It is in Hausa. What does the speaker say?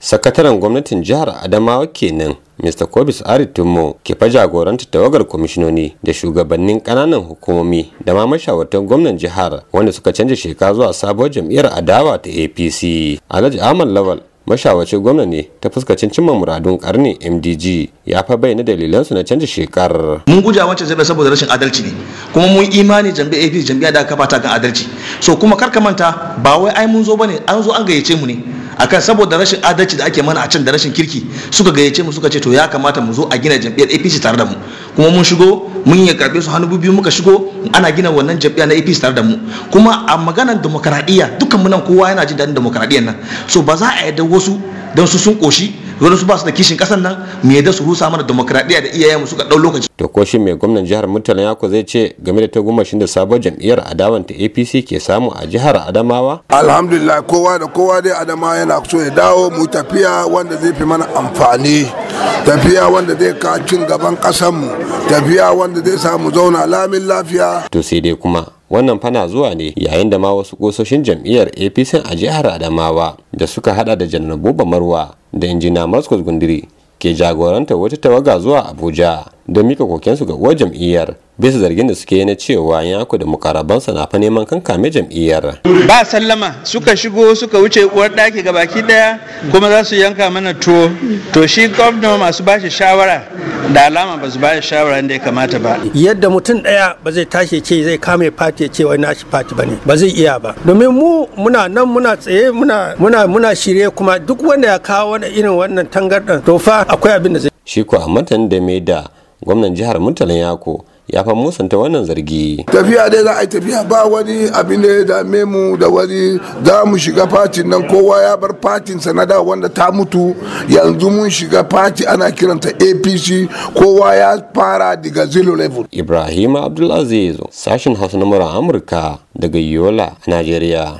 Sakataren gwamnatin jihar Adamawa kenan Mr. Kobis Aritunmo ke fa jagoranta tawagar kwamishinoni da shugabannin kananan hukumomi da ma mashawartan gwamnan jihar wanda suka canja sheka zuwa sabuwar jam'iyyar adawa ta APC. Alhaji Ahmad Lawal mashawarcin gwamna ne ta fuskacin cimma muradun karni mdg ya fa bayyana su na canza shekarar mun guja wancan jami'a saboda rashin adalci ne kuma mun imani jami'a apc jami'a da kafa kan adalci so kuma kar ka manta ba wai ai mun zo bane an zo an gayyace mu ne akan saboda rashin adalci da ake mana a can da rashin kirki suka gayyace mu suka ce to ya kamata mu zo a gina jam'iyyar APC tare da mu kuma mun shigo mun yi karbe su hannu biyu muka shigo ana gina wannan jam'iyya na APC tare da mu kuma a maganar demokaradiyya dukkan nan kowa yana jin daɗin demokaradiyyar nan so ba za a yarda wasu don su sun koshi wani su ba da kishin kasan nan me da su husa mana demokradiyya da iyayen mu suka dau lokaci to ko shi mai gwamnan jihar Murtala Yako zai ce game da tagomashin da sabon jam'iyyar adawan ta APC ke samu a jihar Adamawa alhamdulillah kowa da kowa dai Adamawa yana so ya dawo mu tafiya wanda zai fi mana amfani tafiya wanda zai ka cin gaban kasan mu tafiya wanda zai samu zauna lamin lafiya to sai dai kuma wannan fana zuwa ne yayin da ma wasu kososhin jam'iyyar apc a jihar adamawa da suka hada da janar buba marwa da injina Moscow Gundiri ke jagoranta wata tawaga zuwa Abuja da mika kokensu ga uwar jam'iyyar bisa zargin da suke na cewa yaku da mukarabansa na fa neman kame jam'iyyar. Ba sallama suka shigo suka wuce uwar ɗaki ga baki daya kuma za su yanka mana tuwo to shi gwamna masu bashi shawara da alama ba su bashi shawara inda ya kamata ba. Yadda mutum daya ba zai tashi ce zai kame fati ce wai nashi fati ba ne ba zai iya ba domin mu muna nan muna tsaye muna muna muna shirye kuma duk wanda ya kawo wani irin wannan tangardan to fa akwai abin da zai. Shi ko a da mai da gwamnan jihar murtalan yako ya fa musanta wannan zargi tafiya dai za a yi tafiya ba wani abin da ya dame mu da wani za mu shiga fatin nan kowa ya bar fatin sanada wanda ta mutu yanzu mun shiga fati ana kiranta apc kowa ya fara daga zero level ibrahim abdulaziz sashin hausa na amurka daga yola najeriya